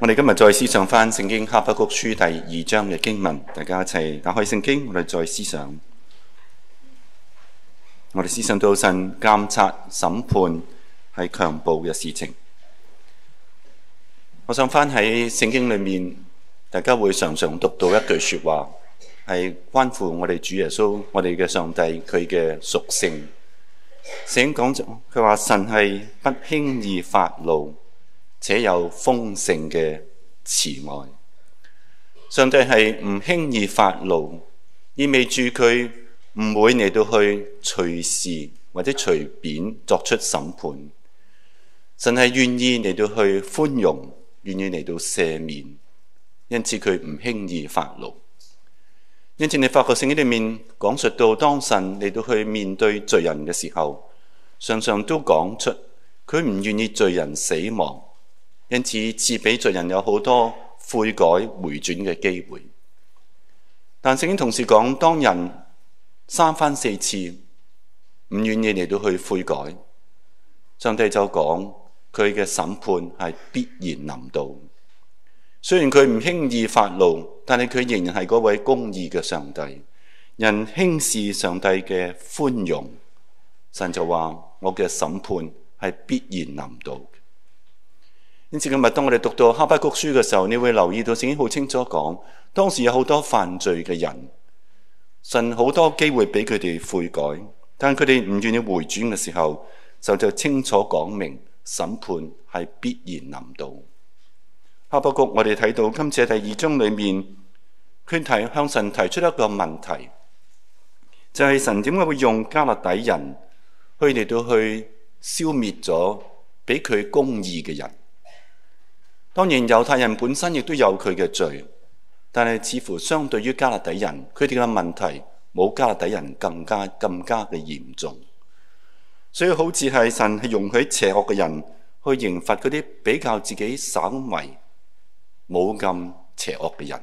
我哋今日再思想返《聖經哈巴谷書》第二章嘅經文，大家一齊打開聖經，我哋再思想。我哋思想到神監察審判係強暴嘅事情。我想返喺聖經裏面，大家會常常讀到一句說話，係關乎我哋主耶穌、我哋嘅上帝佢嘅屬性。聖經講就佢話神係不輕易發怒。且有豐盛嘅慈愛，上帝係唔輕易發怒，意味住佢唔會嚟到去隨時或者隨便作出審判，神係願意嚟到去寬容，願意嚟到赦免，因此佢唔輕易發怒。因此你，你發覺聖經裏面講述到，當神嚟到去面對罪人嘅時候，常常都講出佢唔願意罪人死亡。因此，賜俾罪人有好多悔改回轉嘅機會。但聖經同時講，當人三番四次唔願意嚟到去悔改，上帝就講佢嘅審判係必然臨到。雖然佢唔輕易發怒，但係佢仍然係嗰位公義嘅上帝。人輕視上帝嘅寬容，神就話：我嘅審判係必然臨到。因此今日，當我哋讀到《哈巴谷書》嘅時候，你會留意到聖經好清楚講，當時有好多犯罪嘅人，神好多機會俾佢哋悔改，但佢哋唔願意回轉嘅時候，神就，就清楚講明審判係必然臨到。哈巴谷我，我哋睇到今次第二章裏面，佢提向神提出一個問題，就係、是、神點解會用迦勒底人去嚟到去消滅咗俾佢公義嘅人？當然，猶太人本身亦都有佢嘅罪，但係似乎相對於加勒底人，佢哋嘅問題冇加勒底人更加更加嘅嚴重。所以好似係神係容許邪惡嘅人去刑罰嗰啲比較自己稍微冇咁邪惡嘅人。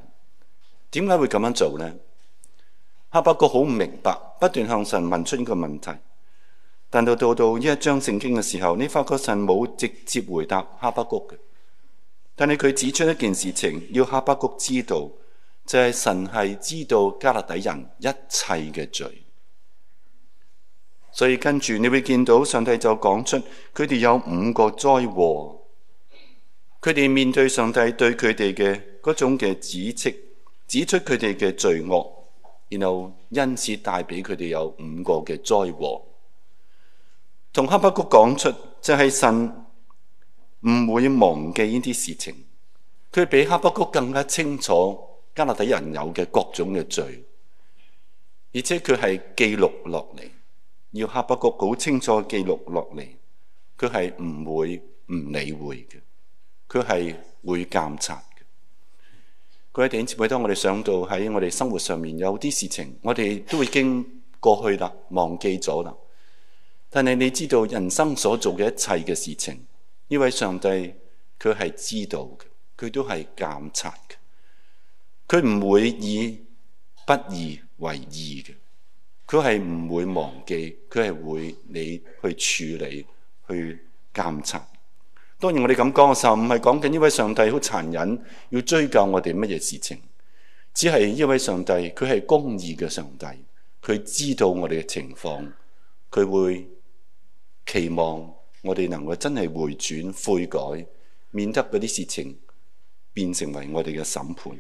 點解會咁樣做呢？哈巴谷好唔明白，不斷向神問出呢個問題。但到到到呢一章聖經嘅時候，你發覺神冇直接回答哈巴谷嘅。但係佢指出一件事情，要哈巴谷知道，就係、是、神係知道加勒底人一切嘅罪。所以跟住你會見到上帝就講出佢哋有五個災禍，佢哋面對上帝對佢哋嘅嗰種嘅指斥，指出佢哋嘅罪惡，然後因此帶俾佢哋有五個嘅災禍，同哈巴谷講出就係、是、神。唔會忘記呢啲事情。佢比哈巴谷更加清楚迦勒底人有嘅各種嘅罪，而且佢係記錄落嚟。要哈巴谷好清楚記錄落嚟，佢係唔會唔理會嘅。佢係會監察嘅。各位弟兄姊妹，當我哋想到喺我哋生活上面有啲事情，我哋都已經過去啦，忘記咗啦。但係你知道人生所做嘅一切嘅事情。呢位上帝佢係知道嘅，佢都係監察嘅，佢唔會以不義為義嘅，佢係唔會忘記，佢係會你去處理去監察。當然我哋咁講嘅時候唔係講緊呢位上帝好殘忍，要追究我哋乜嘢事情，只係呢位上帝佢係公義嘅上帝，佢知道我哋嘅情況，佢會期望。我哋能夠真係回轉悔改，免得嗰啲事情變成為我哋嘅審判。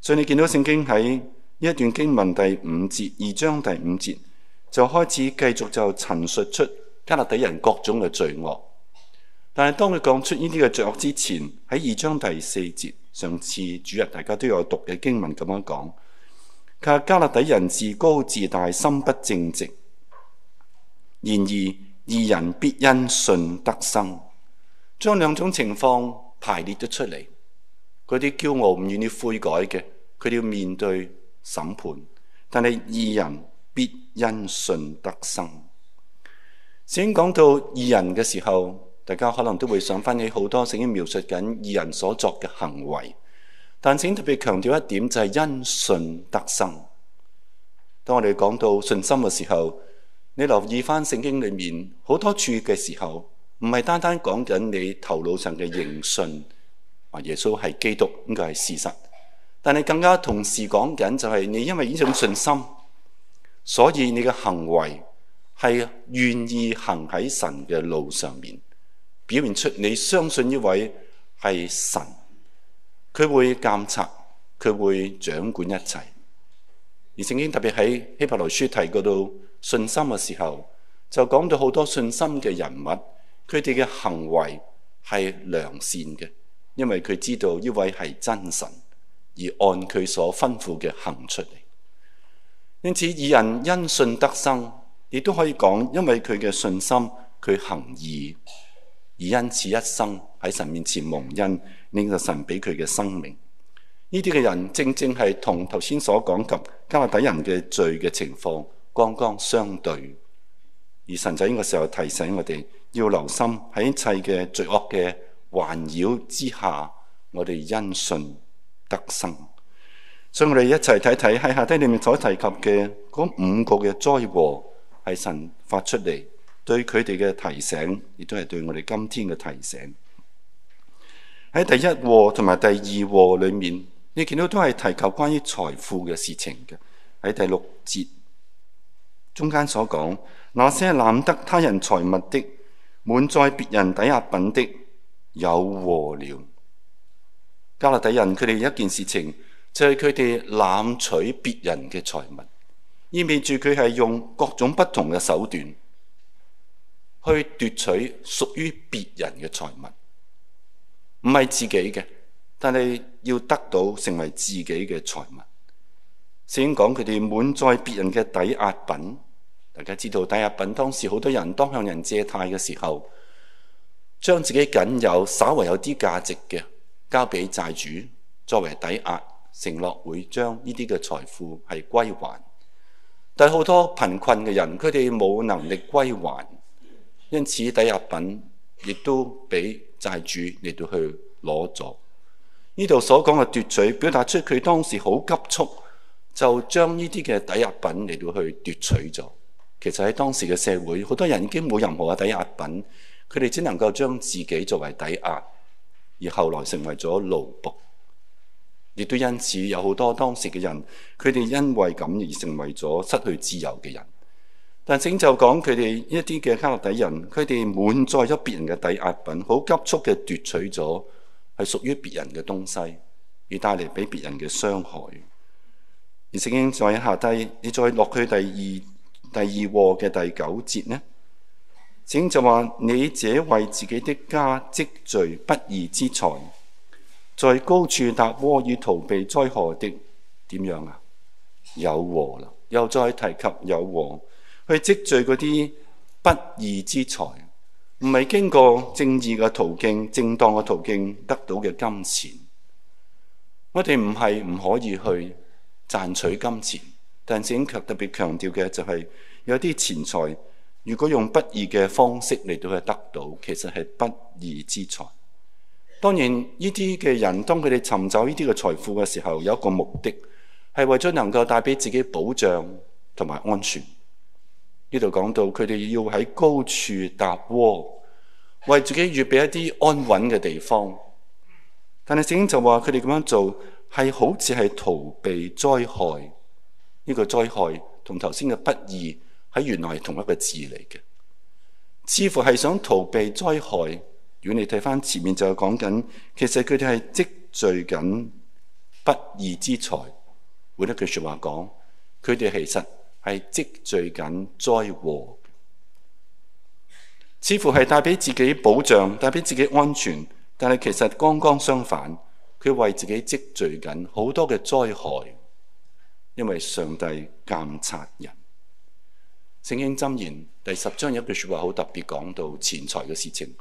所以你見到聖經喺呢一段經文第五節二章第五節就開始繼續就陳述出加勒底人各種嘅罪惡。但係當佢講出呢啲嘅罪惡之前，喺二章第四節，上次主日大家都有讀嘅經文咁樣講，其加勒底人自高自大，心不正直。然而二人必因信得生，將兩種情況排列咗出嚟，嗰啲驕傲唔願意悔改嘅，佢哋要面對審判。但係義人必因信得生。先講到義人嘅時候，大家可能都會想返起好多聖經描述緊義人所作嘅行為。但請特別強調一點，就係因信得生。當我哋講到信心嘅時候，你留意翻聖經裏面好多處嘅時候，唔係單單講緊你頭腦上嘅認信，話、哦、耶穌係基督，應該係事實。但係更加同時講緊就係你因為呢種信心，所以你嘅行為係願意行喺神嘅路上面，表現出你相信呢位係神，佢會監察，佢會掌管一切。而聖經特別喺希伯來書提到嗰度。信心嘅時候，就講到好多信心嘅人物，佢哋嘅行為係良善嘅，因為佢知道呢位係真神而按佢所吩咐嘅行出嚟。因此，義人因信得生，亦都可以講，因為佢嘅信心，佢行義而因此一生喺神面前蒙恩，領受神俾佢嘅生命。呢啲嘅人正正係同頭先所講及迦勒底人嘅罪嘅情況。剛剛相對，而神就喺呢個時候提醒我哋要留心，喺一切嘅罪惡嘅環繞之下，我哋因信得生。所以我哋一齊睇睇，喺下低裏面所提及嘅嗰五個嘅災禍，係神發出嚟，對佢哋嘅提醒，亦都係對我哋今天嘅提醒。喺第一禍同埋第二禍裏面，你見到都係提及關於財富嘅事情嘅。喺第六節。中間所講那些攬得他人財物的、滿載別人抵押品的，有禍了。迦勒底人佢哋一件事情就係佢哋攬取別人嘅財物，意味住佢係用各種不同嘅手段去奪取屬於別人嘅財物，唔係自己嘅，但係要得到成為自己嘅財物。先講佢哋滿載別人嘅抵押品，大家知道抵押品當時好多人當向人借貸嘅時候，將自己僅有稍為有啲價值嘅交俾債主作為抵押，承諾會將呢啲嘅財富係歸還。但好多貧困嘅人，佢哋冇能力歸還，因此抵押品亦都俾債主嚟到去攞咗。呢度所講嘅奪取，表達出佢當時好急促。就將呢啲嘅抵押品嚟到去奪取咗。其實喺當時嘅社會，好多人已經冇任何嘅抵押品，佢哋只能夠將自己作為抵押，而後來成為咗奴僕。亦都因此有好多當時嘅人，佢哋因為咁而成為咗失去自由嘅人。但整就講佢哋一啲嘅迦勒底人，佢哋滿載咗別人嘅抵押品，好急速嘅奪取咗係屬於別人嘅東西，而帶嚟俾別人嘅傷害。而聖經再下低，你再落去第二第二和嘅第九節呢？聖經就話：你者為自己的家積聚不義之財，在高處搭窩以逃避災害的，點樣啊？有禍啦！又再提及有禍，去積聚嗰啲不義之財，唔係經過正義嘅途徑、正當嘅途徑得到嘅金錢。我哋唔係唔可以去。賺取金錢，但聖經卻特別強調嘅就係、是、有啲錢財，如果用不義嘅方式嚟到去得到，其實係不義之財。當然，呢啲嘅人當佢哋尋找呢啲嘅財富嘅時候，有一個目的係為咗能夠帶俾自己保障同埋安全。呢度講到佢哋要喺高處搭窩，為自己預備一啲安穩嘅地方。但係聖經就話佢哋咁樣做。係好似係逃避災害，呢個災害同頭先嘅不義，喺原來係同一個字嚟嘅。似乎係想逃避災害。如果你睇翻前面就係講緊，其實佢哋係積聚緊不義之財。換一句説話講，佢哋其實係積聚緊災禍。似乎係帶俾自己保障，帶俾自己安全，但係其實剛剛相反。佢為自己積聚緊好多嘅災害，因為上帝監察人。聖經箴言第十章有一句説話好特別，講到錢財嘅事情。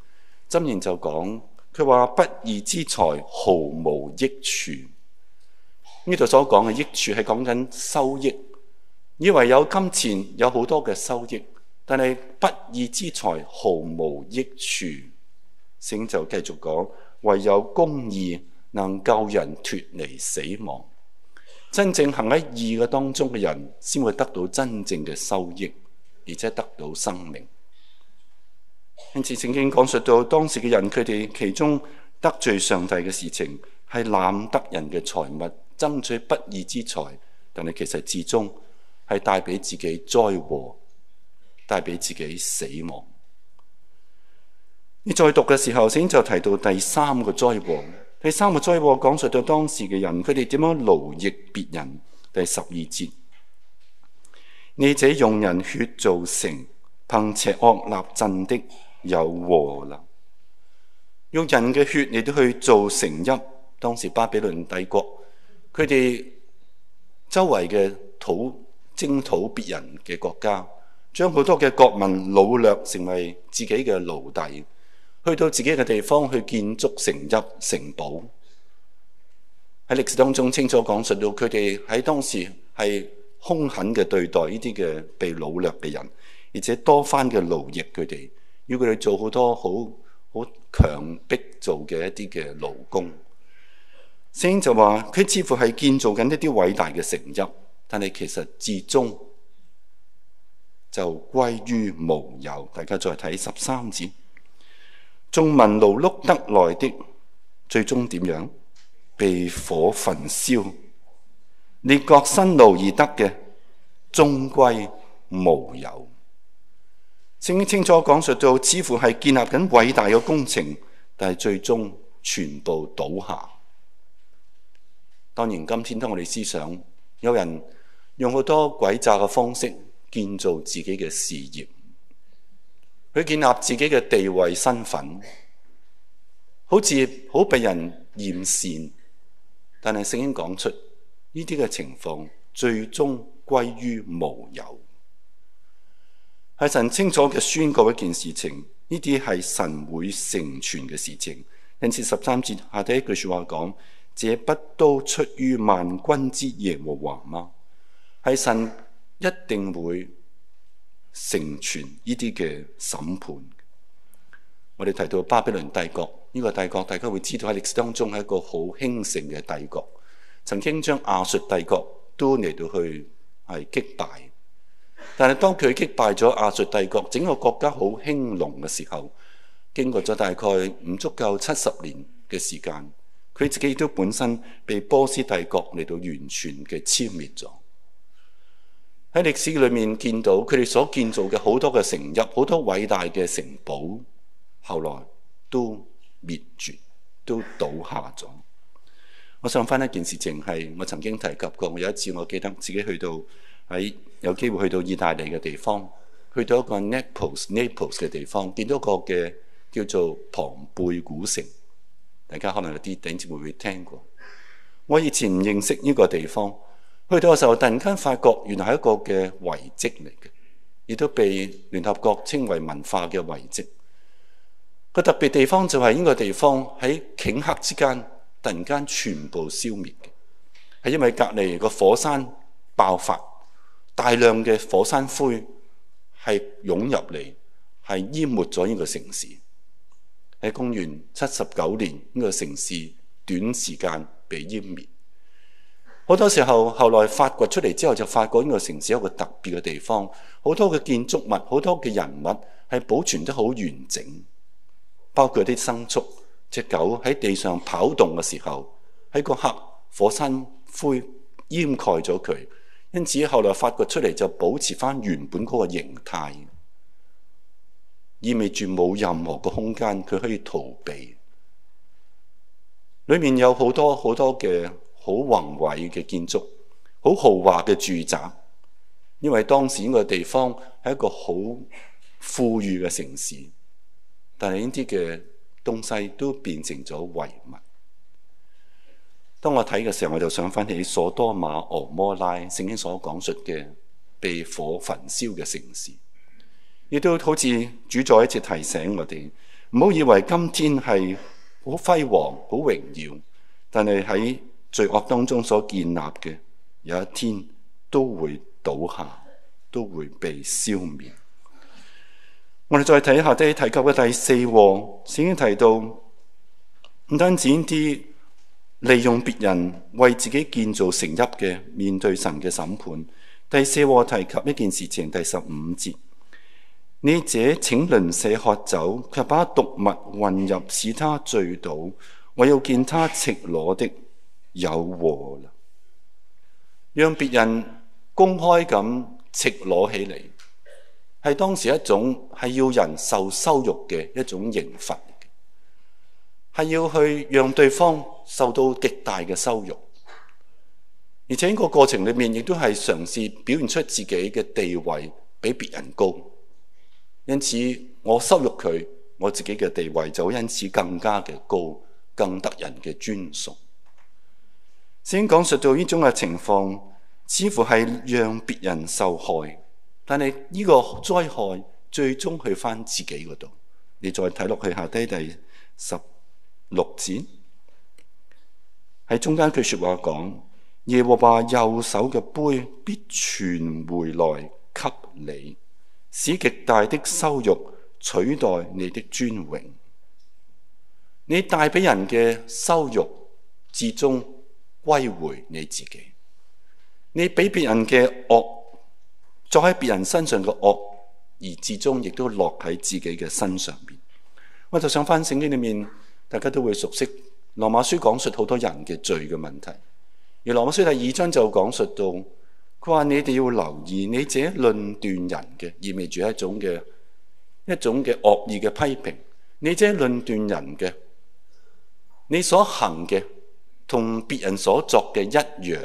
箴言就講佢話：不義之財毫無益處。呢度所講嘅益處係講緊收益，以為有金錢有好多嘅收益，但係不義之財毫無益處。聖經就繼續講唯有公義。能救人脫離死亡，真正行喺義嘅當中嘅人，先會得到真正嘅收益，而且得到生命。因此聖經講述到當時嘅人，佢哋其中得罪上帝嘅事情係濫得人嘅財物，爭取不義之財，但係其實至終係帶俾自己災禍，帶俾自己死亡。你再讀嘅時候，先就提到第三個災禍。第三個災禍講述到當時嘅人，佢哋點樣奴役別人？第十二節，你這用人血做成，憑邪惡立鎮的有禍啦；用人嘅血你都去做城邑，當時巴比倫帝國，佢哋周圍嘅土徵討別人嘅國家，將好多嘅國民擄掠成為自己嘅奴隸。去到自己嘅地方去建築城邑城堡，喺歷史當中清楚講述到佢哋喺當時係兇狠嘅對待呢啲嘅被擄掠嘅人，而且多番嘅勞役佢哋，要佢哋做好多好好強迫做嘅一啲嘅勞工。聖經就話佢似乎係建造緊一啲偉大嘅城邑，但係其實至終就歸於無有。大家再睇十三節。眾民勞碌得來的，最終點樣被火焚燒？列國辛勞而得嘅，終歸無有。清清楚楚講述到，似乎係建立緊偉大嘅工程，但係最終全部倒下。當然，今天當我哋思想有人用好多詭詐嘅方式建造自己嘅事業。佢建立自己嘅地位身份，好似好被人欣羨，但係聖經講出呢啲嘅情況最終歸於無有。係神清楚嘅宣告一件事情，呢啲係神會成全嘅事情。因此十三節下第一句話說話講：這不都出於萬軍之耶和華嗎？係神一定會。成全呢啲嘅審判。我哋提到巴比倫帝國，呢、這個帝國大家會知道喺歷史當中係一個好興盛嘅帝國，曾經將亞述帝國都嚟到去係擊敗。但係當佢擊敗咗亞述帝國，整個國家好興隆嘅時候，經過咗大概唔足夠七十年嘅時間，佢自己都本身被波斯帝國嚟到完全嘅殲滅咗。喺歷史裏面見到佢哋所建造嘅好多嘅城邑，好多偉大嘅城堡，後來都滅絕，都倒下咗。我想翻一件事情係，我曾經提及過。我有一次，我記得自己去到喺有機會去到意大利嘅地方，去到一個 Naples、Naples 嘅地方，見到一個嘅叫做龐貝古城。大家可能有啲景節會聽過，我以前唔認識呢個地方。去到嘅時候，突然間發覺原來係一個嘅遺跡嚟嘅，亦都被聯合國稱為文化嘅遺跡。個特別地方就係呢個地方喺頃刻之間突然間全部消滅嘅，係因為隔籬個火山爆發，大量嘅火山灰係湧入嚟，係淹沒咗呢個城市。喺公元七十九年，呢、這個城市短時間被淹滅。好多時候，後來發掘出嚟之後，就發覺呢個城市有一個特別嘅地方，好多嘅建築物，好多嘅人物係保存得好完整，包括啲牲畜，隻狗喺地上跑動嘅時候，喺個黑火山灰掩蓋咗佢，因此後來發掘出嚟就保持返原本嗰個形態，意味住冇任何嘅空間佢可以逃避。裏面有好多好多嘅。好宏偉嘅建築，好豪華嘅住宅，因為當時呢個地方係一個好富裕嘅城市。但係呢啲嘅東西都變成咗遺物。當我睇嘅時候，我就想返起索多瑪、俄摩拉聖經所講述嘅被火焚燒嘅城市，亦都好似主再一次提醒我哋，唔好以為今天係好輝煌、好榮耀，但係喺罪惡當中所建立嘅，有一天都會倒下，都會被消滅。我哋再睇下，即係提及嘅第四禍，聖經提到唔單止啲利用別人為自己建造城邑嘅，面對神嘅審判。第四禍提及一件事情，第十五節：你這請鄰舍喝酒，卻把毒物混入，使他醉倒，為要見他赤裸的。有禍啦！讓別人公開咁赤裸起嚟，係當時一種係要人受羞辱嘅一種刑罰嚟嘅，係要去讓對方受到極大嘅羞辱，而且呢個過程裏面亦都係嘗試表現出自己嘅地位比別人高，因此我羞辱佢，我自己嘅地位就因此更加嘅高，更得人嘅尊崇。先講述到呢種嘅情況，似乎係讓別人受害，但係呢個災害最終去返自己嗰度。你再睇落去下低第十六節，喺中間句説話講：耶和華右手嘅杯必傳回來給你，使極大的羞辱取代你的尊榮。你帶俾人嘅羞辱至終。歸回你自己，你俾別人嘅惡，作喺別人身上嘅惡，而至終亦都落喺自己嘅身上邊。我就想翻聖經裏面，大家都會熟悉羅馬書講述好多人嘅罪嘅問題。而羅馬書第二章就講述到，佢話你哋要留意你這論斷人嘅，意味住一種嘅一種嘅惡意嘅批評。你這論斷人嘅，你所行嘅。同別人所作嘅一樣，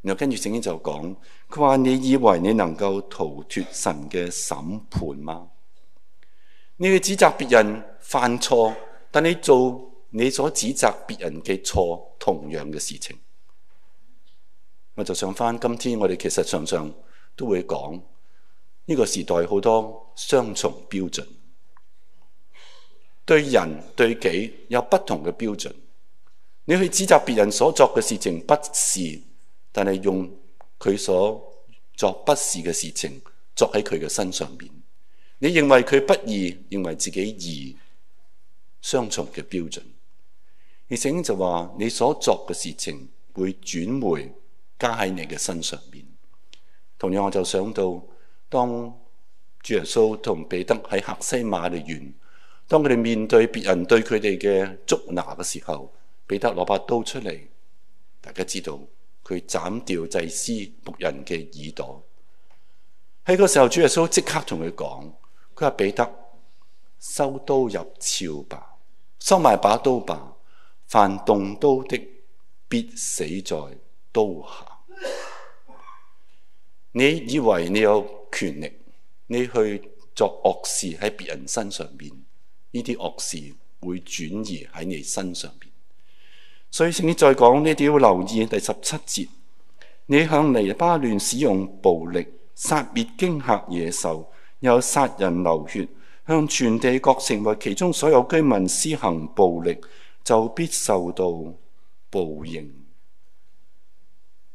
然後跟住聖經就講：佢話你以為你能夠逃脫神嘅審判嗎？你哋指責別人犯錯，但你做你所指責別人嘅錯，同樣嘅事情。我就想翻，今天我哋其實常常都會講呢個時代好多雙重標準，對人對己有不同嘅標準。你去指責別人所做嘅事情不是，但係用佢所做不是嘅事情作喺佢嘅身上面。你認為佢不義，認為自己義，雙重嘅標準。而聖經就話你所做嘅事情會轉回加喺你嘅身上面。同樣，我就想到當主耶穌同彼得喺客西馬尼園，當佢哋面對別人對佢哋嘅捉拿嘅時候。彼得攞把刀出嚟，大家知道佢斬掉祭司僕人嘅耳朵。喺嗰時候，主耶穌即刻同佢講，佢話彼得，收刀入鞘吧，收埋把刀吧。凡動刀的，必死在刀下。你以為你有權力，你去作惡事喺別人身上邊，呢啲惡事會轉移喺你身上邊。所以，甚至再講，你都要留意第十七節。你向黎巴嫩使用暴力，殺滅驚嚇野獸，又殺人流血，向全地各城為其中所有居民施行暴力，就必受到報應。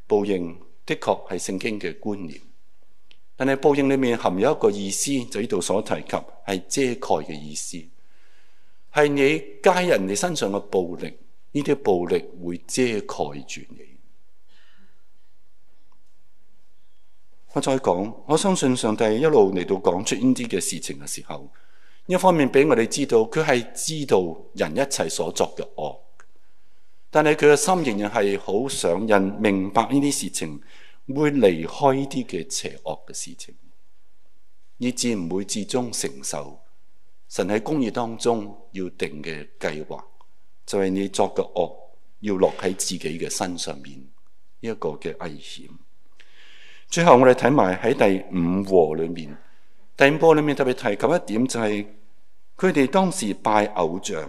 報應的確係聖經嘅觀念，但係報應裡面含有一個意思，就呢度所提及係遮蓋嘅意思，係你加人哋身上嘅暴力。呢啲暴力會遮蓋住你。我再講，我相信上帝一路嚟到講出呢啲嘅事情嘅時候，一方面俾我哋知道佢係知道人一切所作嘅惡，但係佢嘅心仍然係好想人明白呢啲事情會離開呢啲嘅邪惡嘅事情，以至唔會至終承受神喺公義當中要定嘅計劃。就係你作嘅惡，要落喺自己嘅身上面，呢、這、一個嘅危險。最後我哋睇埋喺第五禍裏面，第五禍裏面特別提及一點、就是，就係佢哋當時拜偶像，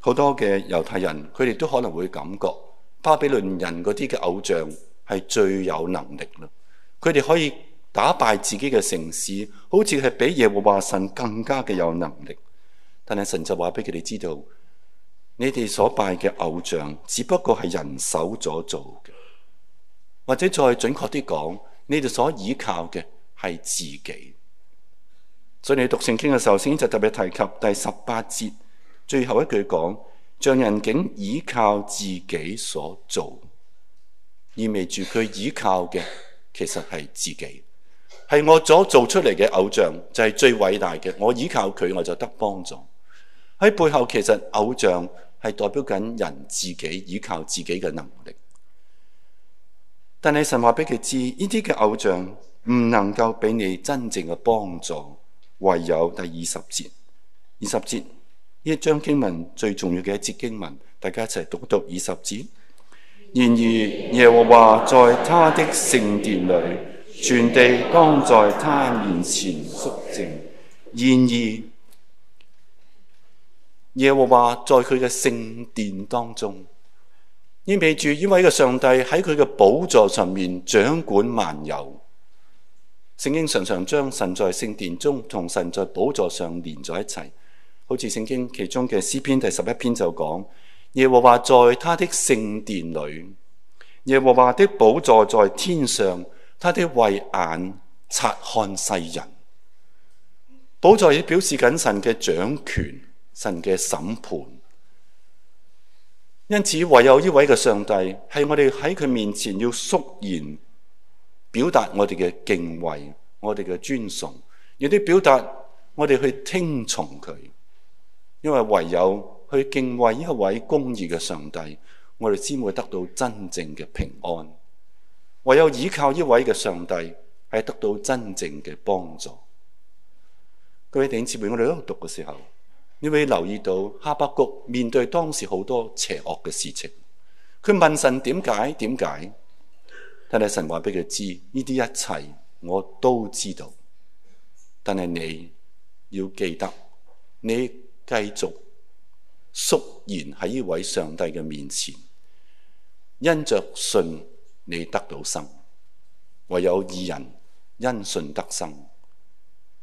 好多嘅猶太人佢哋都可能會感覺巴比倫人嗰啲嘅偶像係最有能力咯。佢哋可以打敗自己嘅城市，好似係比耶和華神更加嘅有能力。但係神就話俾佢哋知道，你哋所拜嘅偶像只不過係人手所做嘅，或者再準確啲講，你哋所依靠嘅係自己。所以你讀聖經嘅時候，先就特別提及第十八節最後一句講：像人竟依靠自己所做，意味住佢依靠嘅其實係自己，係我所做出嚟嘅偶像就係、是、最偉大嘅。我依靠佢，我就得幫助。喺背後其實偶像係代表緊人自己依靠自己嘅能力，但係神話畀佢知呢啲嘅偶像唔能夠俾你真正嘅幫助，唯有第二十節。二十節呢一章經文最重要嘅一節經文，大家一齊讀一讀二十節。然而耶和華在他的聖殿裏，全地當在他面前肅靜。然而。耶和華在佢嘅聖殿當中，意味住因為個上帝喺佢嘅寶座上面掌管萬有。聖經常常將神在聖殿中同神在寶座上連在一起，好似聖經其中嘅詩篇第十一篇就講：耶和華在他的聖殿裏，耶和華的寶座在天上，他的慧眼察看世人。寶座以表示緊神嘅掌權。神嘅審判，因此唯有呢位嘅上帝係我哋喺佢面前要肅然表達我哋嘅敬畏，我哋嘅尊崇，亦都表達我哋去聽從佢。因為唯有去敬畏一位公義嘅上帝，我哋先會得到真正嘅平安。唯有依靠呢位嘅上帝，係得到真正嘅幫助。各位弟兄姊妹，我哋喺度讀嘅時候。你會留意到哈巴谷面對當時好多邪惡嘅事情，佢問神點解？點解？但係神話俾佢知呢啲一切我都知道，但係你要記得，你繼續肅然喺呢位上帝嘅面前，因着信你得到生，唯有義人因信得生，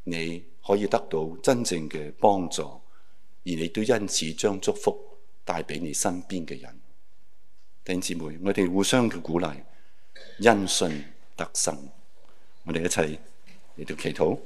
你可以得到真正嘅幫助。而你都因此將祝福帶俾你身邊嘅人，弟兄姊妹，我哋互相嘅鼓勵，因信得勝，我哋一齊嚟到祈禱。